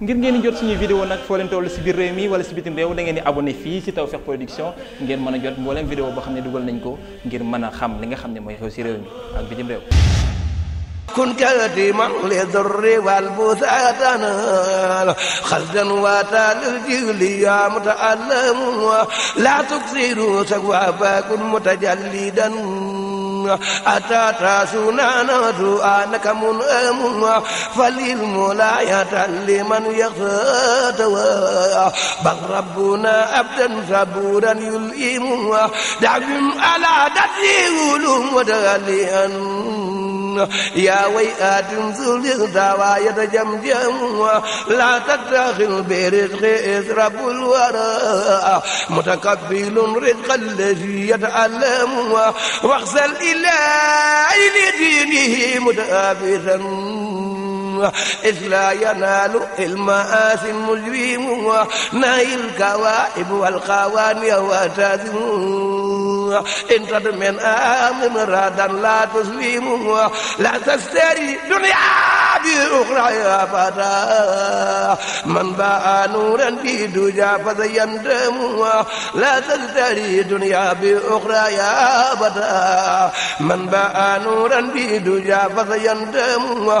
ngir ngeen jot suñuy vidéo nag foo leen si biir réew mi wala si bitim réew da di abonné fii si Tawfekh Production ngeen mën a jot mbooleem vidéo boo xam ne dugal nañ ko ngir mën a xam li nga xam ne mooy xew si réew mi ak bitim réew kun kati man le dorri wal busatana khaldan wa talil jili ya muta'allamu la tuksiru sagwa ba kun mutajallidan أتاتا سنانا دعانك منهم فللملاية لمن يغتوى بل ربنا عبدا صبورا يلئم دعم على دتي ولوم ودالي يا ويئات ذل الدعوى يتجمجم لا تدخل برزق إسرب الورى متقبل رزق الذي يتعلم واغسل إلى دينه متابسا إذ لا ينال المآث المجرم نهي الكوائب والقواني وتازم إن تد من آمن رادا لا تسليم لا تستري دنيا بأخرى يا فتى من باع نورا في دجى فسيندم لا تشتري دنيا بأخرى يا فتى من باع نورا في دجى فسيندم